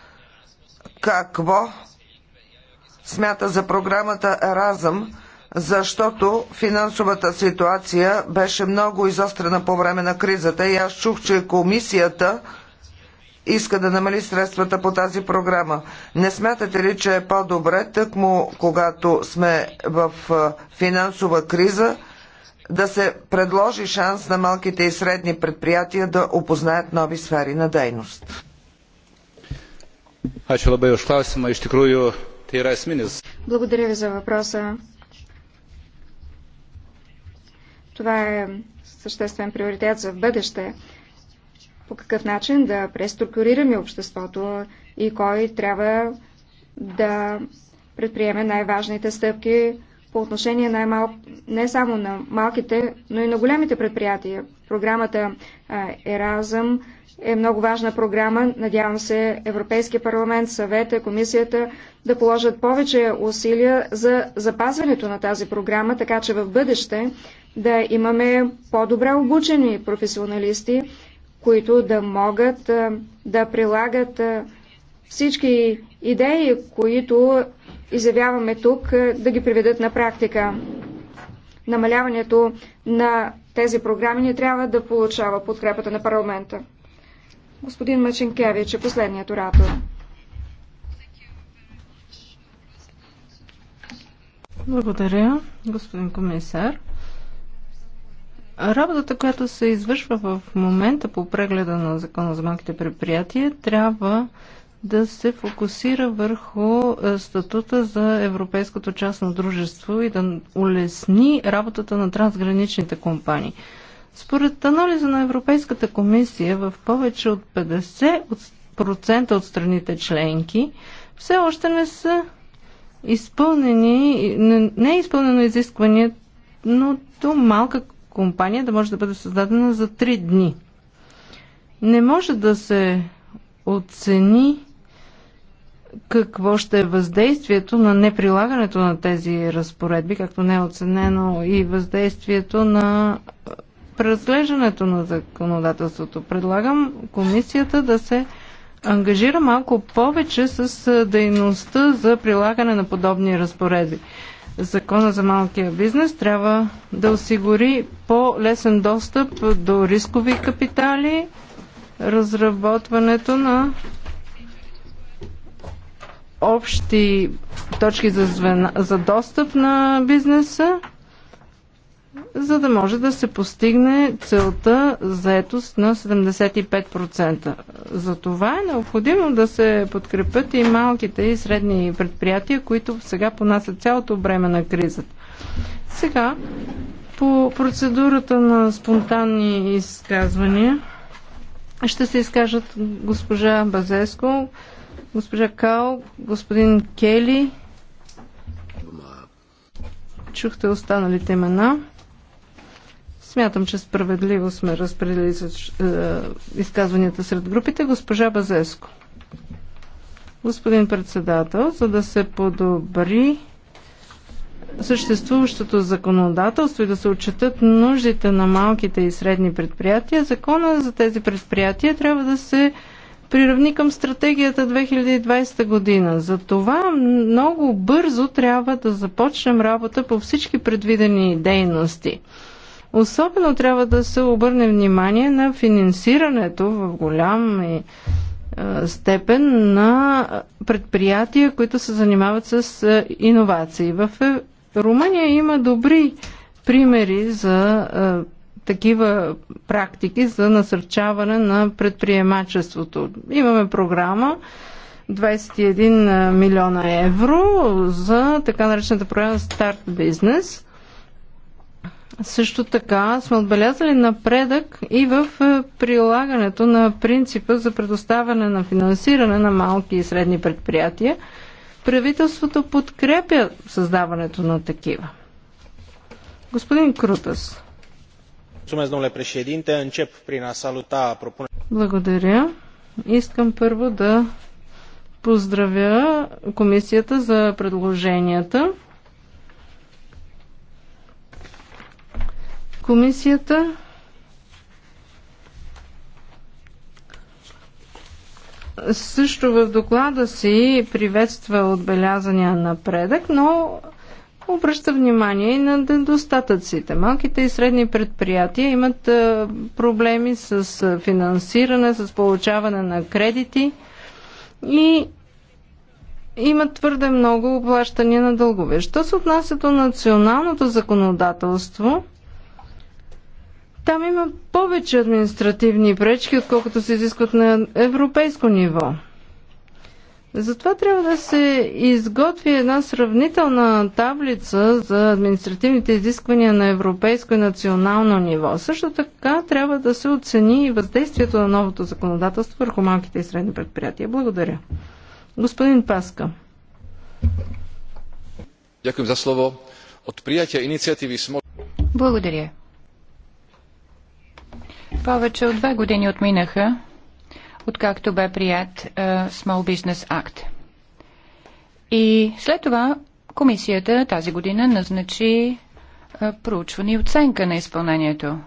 какво смята за програмата Еразъм, защото финансовата ситуация беше много изострена по време на кризата и аз чух, че комисията иска да намали средствата по тази програма. Не смятате ли, че е по-добре, тъкмо когато сме в финансова криза, да се предложи шанс на малките и средни предприятия да опознаят нови сфери на дейност. Благодаря ви за въпроса. Това е съществен приоритет за бъдеще. По какъв начин да преструктурираме обществото и кой трябва да предприеме най-важните стъпки по отношение на мал... не само на малките, но и на големите предприятия. Програмата Еразъм е много важна програма. Надявам се Европейския парламент, съвета, комисията да положат повече усилия за запазването на тази програма, така че в бъдеще да имаме по-добре обучени професионалисти, които да могат да прилагат всички идеи, които изявяваме тук, е, да ги приведат на практика. Намаляването на тези програми не трябва да получава подкрепата на парламента. Господин Маченкевич е последният оратор. Благодаря, господин комисар. Работата, която се извършва в момента по прегледа на Закона за малките предприятия, трябва да се фокусира върху е, статута за Европейското частно дружество и да улесни работата на трансграничните компании. Според анализа на Европейската комисия, в повече от 50% от страните членки все още не са изпълнени, не, не е изпълнено изискването малка компания да може да бъде създадена за 3 дни. Не може да се оцени какво ще е въздействието на неприлагането на тези разпоредби, както не е оценено и въздействието на преразглеждането на законодателството. Предлагам комисията да се ангажира малко повече с дейността за прилагане на подобни разпоредби. Закона за малкия бизнес трябва да осигури по-лесен достъп до рискови капитали, разработването на общи точки за, звена, за достъп на бизнеса, за да може да се постигне целта заетост на 75%. За това е необходимо да се подкрепят и малките и средни предприятия, които сега понасят цялото време на кризата. Сега, по процедурата на спонтанни изказвания, ще се изкажат госпожа Базеско, Госпожа Као, господин Кели. Чухте останалите имена. Смятам, че справедливо сме разпределили е, изказванията сред групите. Госпожа Базеско. Господин председател, за да се подобри съществуващото законодателство и да се отчетат нуждите на малките и средни предприятия, закона за тези предприятия трябва да се приравни към стратегията 2020 година. За това много бързо трябва да започнем работа по всички предвидени дейности. Особено трябва да се обърне внимание на финансирането в голям и е, е, степен на предприятия, които се занимават с е, иновации. В Румъния има добри примери за такива практики за насърчаване на предприемачеството. Имаме програма 21 милиона евро за така наречената програма Start Business. Също така сме отбелязали напредък и в прилагането на принципа за предоставяне на финансиране на малки и средни предприятия. Правителството подкрепя създаването на такива. Господин Крутас, благодаря. Искам първо да поздравя комисията за предложенията. Комисията също в доклада си приветства отбелязания напредък, но обръща внимание и на недостатъците. Малките и средни предприятия имат проблеми с финансиране, с получаване на кредити и имат твърде много оплащания на дългове. Що се отнася до националното законодателство, там има повече административни пречки, отколкото се изискват на европейско ниво. Затова трябва да се изготви една сравнителна таблица за административните изисквания на европейско и национално ниво. Също така трябва да се оцени и въздействието на новото законодателство върху малките и средни предприятия. Благодаря. Господин Паска. Дякую за слово. От приятия инициативи смо... Благодаря. Повече от две години отминаха откакто бе прият е, Small Business Act. И след това комисията тази година назначи е, проучване и оценка на изпълнението,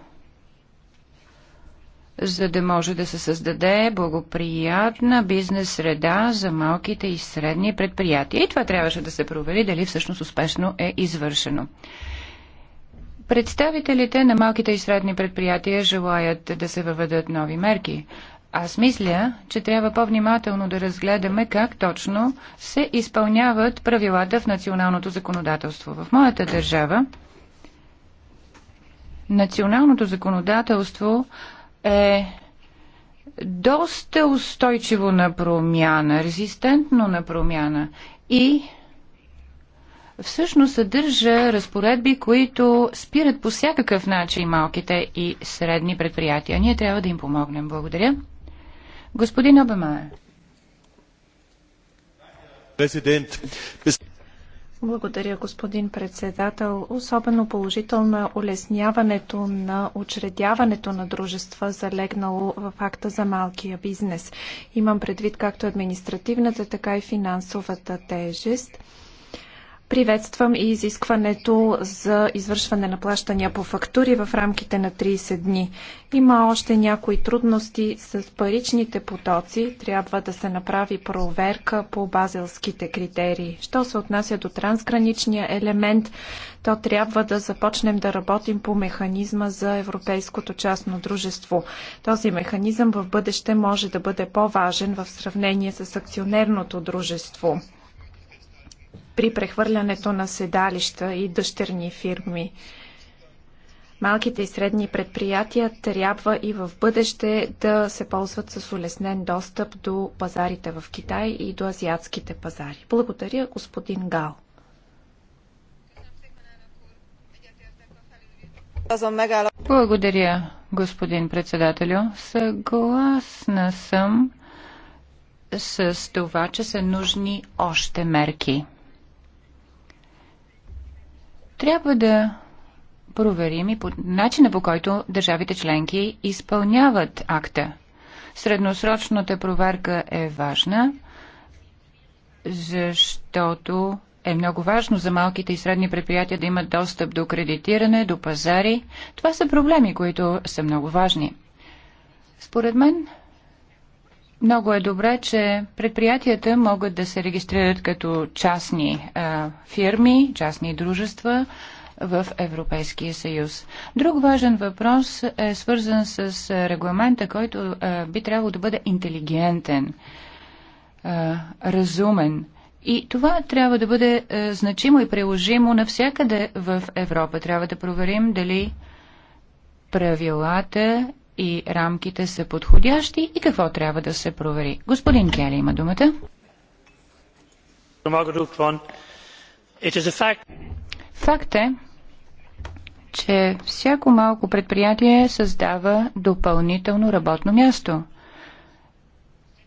за да може да се създаде благоприятна бизнес среда за малките и средни предприятия. И това трябваше да се провери дали всъщност успешно е извършено. Представителите на малките и средни предприятия желаят да се въведат нови мерки, аз мисля, че трябва по-внимателно да разгледаме как точно се изпълняват правилата в националното законодателство. В моята държава националното законодателство е доста устойчиво на промяна, резистентно на промяна и всъщност съдържа разпоредби, които спират по всякакъв начин малките и средни предприятия. Ние трябва да им помогнем. Благодаря. Господин Обемайер. Благодаря, господин председател. Особено положително е улесняването на учредяването на дружества, залегнало в акта за малкия бизнес. Имам предвид както административната, така и финансовата тежест. Приветствам и изискването за извършване на плащания по фактури в рамките на 30 дни. Има още някои трудности с паричните потоци. Трябва да се направи проверка по базелските критерии. Що се отнася до трансграничния елемент, то трябва да започнем да работим по механизма за европейското частно дружество. Този механизъм в бъдеще може да бъде по-важен в сравнение с акционерното дружество при прехвърлянето на седалища и дъщерни фирми. Малките и средни предприятия трябва и в бъдеще да се ползват с улеснен достъп до пазарите в Китай и до азиатските пазари. Благодаря, господин Гал. Благодаря, господин председателю. Съгласна съм с това, че са нужни още мерки – трябва да проверим и по начина по който държавите членки изпълняват акта. Средносрочната проверка е важна, защото е много важно за малките и средни предприятия да имат достъп до кредитиране, до пазари. Това са проблеми, които са много важни. Според мен много е добре, че предприятията могат да се регистрират като частни а, фирми, частни дружества в Европейския съюз. Друг важен въпрос е свързан с регламента, който а, би трябвало да бъде интелигентен, а, разумен. И това трябва да бъде а, значимо и приложимо навсякъде в Европа. Трябва да проверим дали правилата и рамките са подходящи и какво трябва да се провери. Господин Кели има думата. Факт е, че всяко малко предприятие създава допълнително работно място.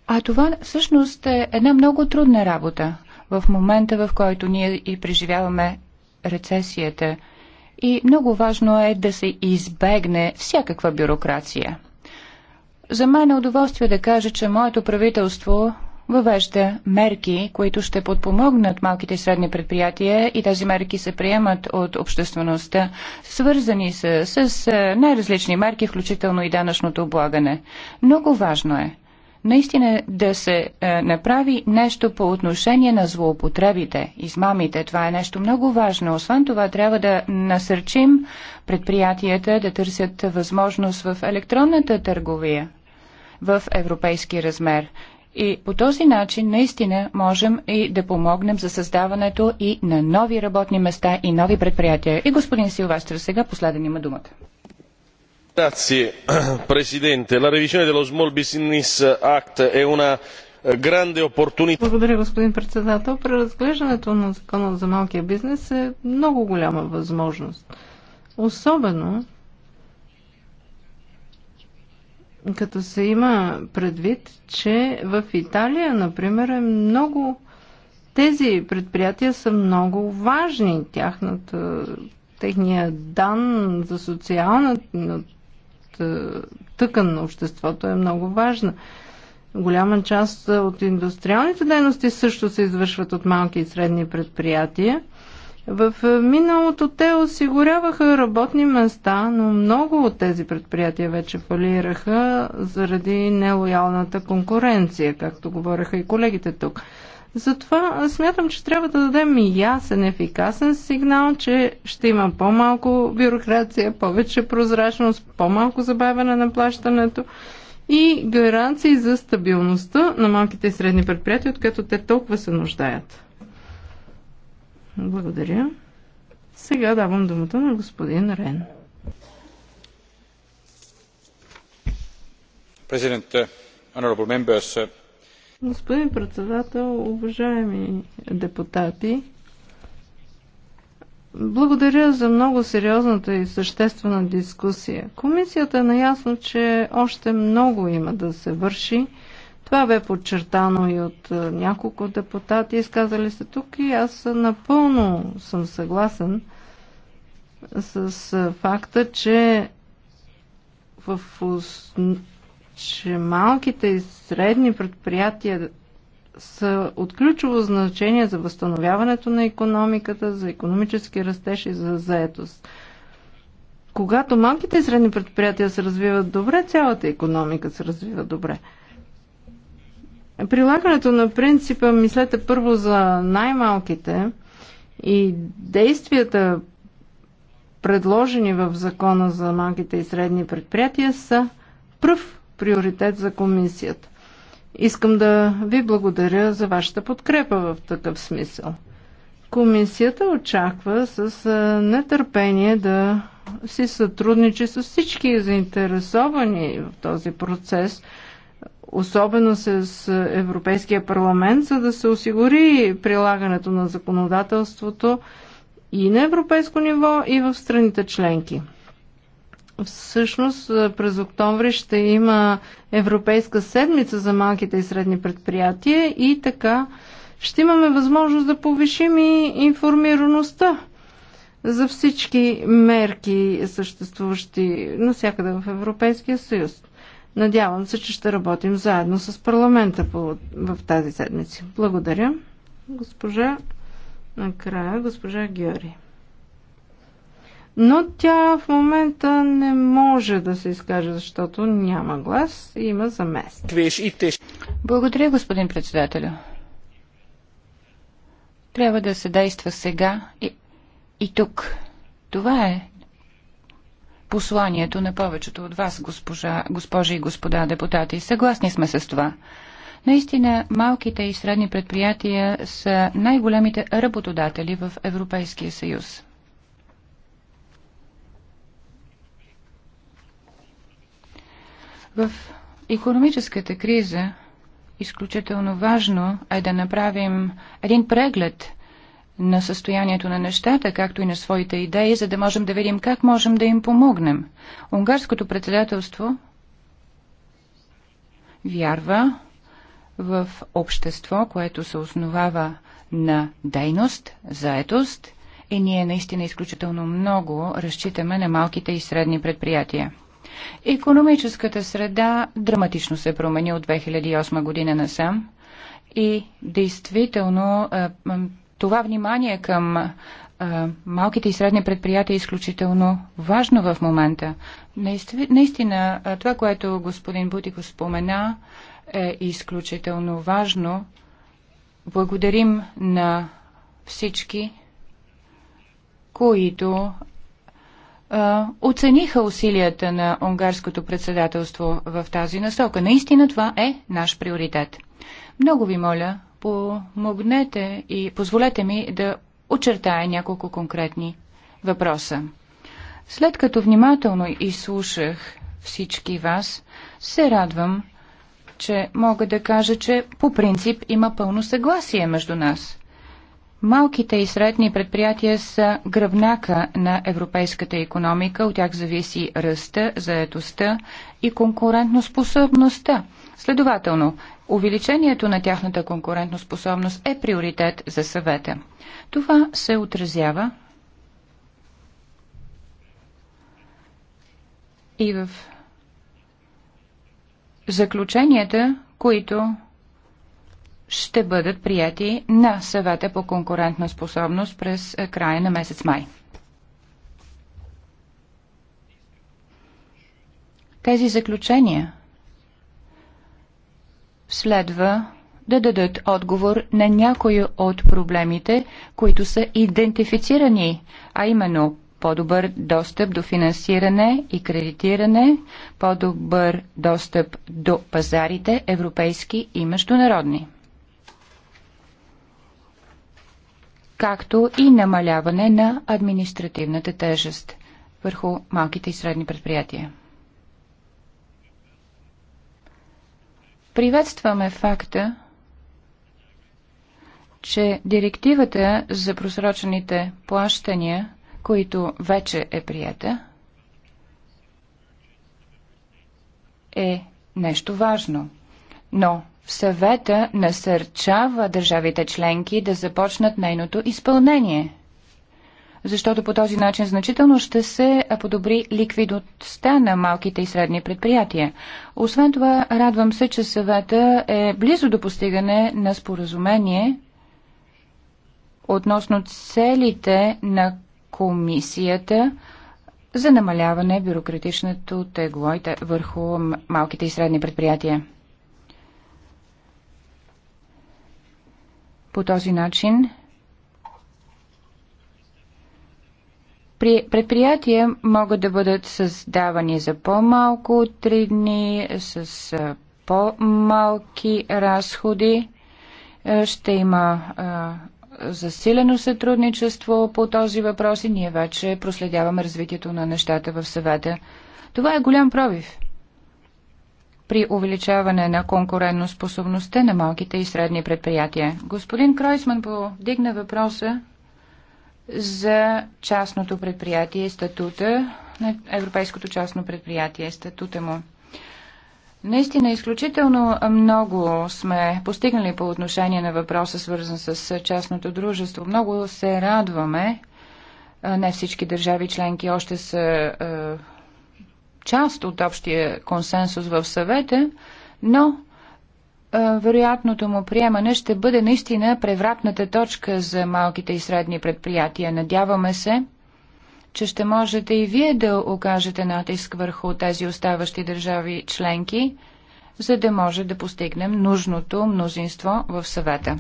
А това всъщност е една много трудна работа в момента, в който ние и преживяваме рецесията – и много важно е да се избегне всякаква бюрокрация. За мен е удоволствие да кажа, че моето правителство въвежда мерки, които ще подпомогнат малките и средни предприятия и тези мерки се приемат от обществеността. Свързани с, с е, най-различни мерки, включително и данъчното облагане. Много важно е наистина да се е, направи нещо по отношение на злоупотребите, измамите. Това е нещо много важно. Освен това, трябва да насърчим предприятията да търсят възможност в електронната търговия в европейски размер. И по този начин наистина можем и да помогнем за създаването и на нови работни места и нови предприятия. И господин Силвастър сега последен има думата signor presidente onorevoli colleghi la revisione dello small business act è una eh, grande opportunità. Благодаря, господин председател. Преразглеждането на закона за малкия бизнес е много голяма възможност. Особено като се има предвид, че в Италия, например, е много тези предприятия са много важни. Тяхната, техния дан за социалната е, тъкан на обществото е много важна. Голяма част от индустриалните дейности също се извършват от малки и средни предприятия. В е, миналото те осигуряваха работни места, но много от тези предприятия вече фалираха заради нелоялната конкуренция, както говореха и колегите тук. Затова смятам, че трябва да дадем и ясен, ефикасен сигнал, че ще има по-малко бюрокрация, повече прозрачност, по-малко забавяне на плащането и гаранции за стабилността на малките и средни предприятия, откъдето те толкова се нуждаят. Благодаря. Сега давам думата на господин Рен. Президент, honorable members, Господин председател, уважаеми депутати, благодаря за много сериозната и съществена дискусия. Комисията е наясно, че още много има да се върши. Това бе подчертано и от е, няколко депутати, изказали се тук и аз напълно съм съгласен с е, факта, че в че малките и средни предприятия са от ключово значение за възстановяването на економиката, за економически растеж и за заетост. Когато малките и средни предприятия се развиват добре, цялата економика се развива добре. Прилагането на принципа мислете първо за най-малките и действията предложени в закона за малките и средни предприятия са пръв приоритет за комисията. Искам да ви благодаря за вашата подкрепа в такъв смисъл. Комисията очаква с нетърпение да си сътрудничи с всички заинтересовани в този процес, особено с Европейския парламент, за да се осигури прилагането на законодателството и на европейско ниво, и в страните членки. Всъщност през октомври ще има Европейска седмица за малките и средни предприятия и така ще имаме възможност да повишим и информираността за всички мерки съществуващи навсякъде в Европейския съюз. Надявам се, че ще работим заедно с парламента по, в тази седмица. Благодаря. Госпожа, накрая, госпожа Георгия но тя в момента не може да се изкаже, защото няма глас и има заместник. Благодаря, господин председателю. Трябва да се действа сега и, и тук. Това е посланието на повечето от вас, госпожа, госпожи и господа депутати. Съгласни сме с това. Наистина, малките и средни предприятия са най-големите работодатели в Европейския съюз. В економическата криза изключително важно е да направим един преглед на състоянието на нещата, както и на своите идеи, за да можем да видим как можем да им помогнем. Унгарското председателство вярва в общество, което се основава на дейност, заетост и ние наистина изключително много разчитаме на малките и средни предприятия. Економическата среда драматично се промени от 2008 година насам и действително това внимание към малките и средни предприятия е изключително важно в момента. Наистина, това, което господин Бутико спомена, е изключително важно. Благодарим на всички, които оцениха усилията на унгарското председателство в тази насока. Наистина това е наш приоритет. Много ви моля, помогнете и позволете ми да очертая няколко конкретни въпроса. След като внимателно изслушах всички вас, се радвам, че мога да кажа, че по принцип има пълно съгласие между нас. Малките и средни предприятия са гръбнака на европейската економика. От тях зависи ръста, заетостта и конкурентноспособността. Следователно, увеличението на тяхната конкурентноспособност е приоритет за съвета. Това се отразява и в заключенията, които ще бъдат прияти на съвета по конкурентна способност през е, края на месец май. Тези заключения следва да дадат отговор на някои от проблемите, които са идентифицирани, а именно по-добър достъп до финансиране и кредитиране, по-добър достъп до пазарите европейски и международни. както и намаляване на административната тежест върху малките и средни предприятия. Приветстваме факта, че директивата за просрочените плащания, които вече е прията, е нещо важно. Но съвета насърчава държавите членки да започнат нейното изпълнение. Защото по този начин значително ще се подобри ликвидността на малките и средни предприятия. Освен това, радвам се, че съвета е близо до постигане на споразумение относно целите на комисията за намаляване бюрократичното тегло върху малките и средни предприятия. По този начин предприятия могат да бъдат създавани за по-малко от 3 дни, с по-малки разходи. Е, ще има засилено сътрудничество по този въпрос и ние вече проследяваме развитието на нещата в съвета. Това е голям пробив при увеличаване на конкурентоспособността на малките и средни предприятия. Господин Кройсман подигна въпроса за частното предприятие, статута на Европейското частно предприятие, статута му. Наистина, изключително много сме постигнали по отношение на въпроса, свързан с частното дружество. Много се радваме. Не всички държави членки още са част от общия консенсус в съвета, но вероятното му приемане ще бъде наистина превратната точка за малките и средни предприятия. Надяваме се, че ще можете и вие да окажете натиск върху тези оставащи държави членки, за да може да постигнем нужното мнозинство в съвета.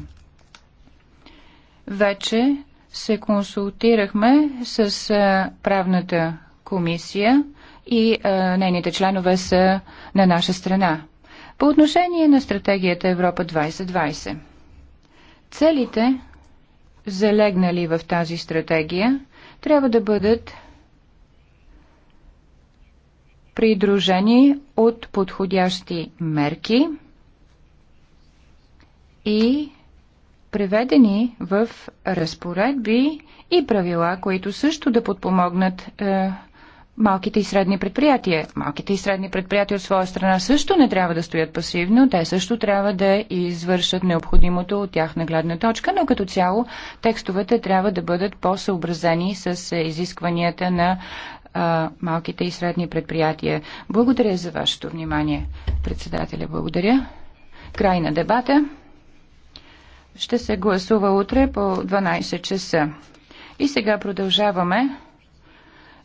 Вече се консултирахме с правната комисия и а, е, нейните членове са на наша страна. По отношение на стратегията Европа 2020, целите, залегнали в тази стратегия, трябва да бъдат придружени от подходящи мерки и преведени в разпоредби и правила, които също да подпомогнат е, малките и средни предприятия. Малките и средни предприятия от своя страна също не трябва да стоят пасивно, те също трябва да извършат необходимото от тях на гледна точка, но като цяло текстовете трябва да бъдат по-съобразени с е, изискванията на а, малките и средни предприятия. Благодаря за вашето внимание, председателя. Благодаря. Край на дебата. Ще се гласува утре по 12 часа. И сега продължаваме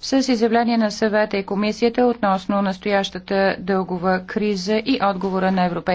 с изявление на съвета и комисията относно настоящата дългова криза и отговора на Европейския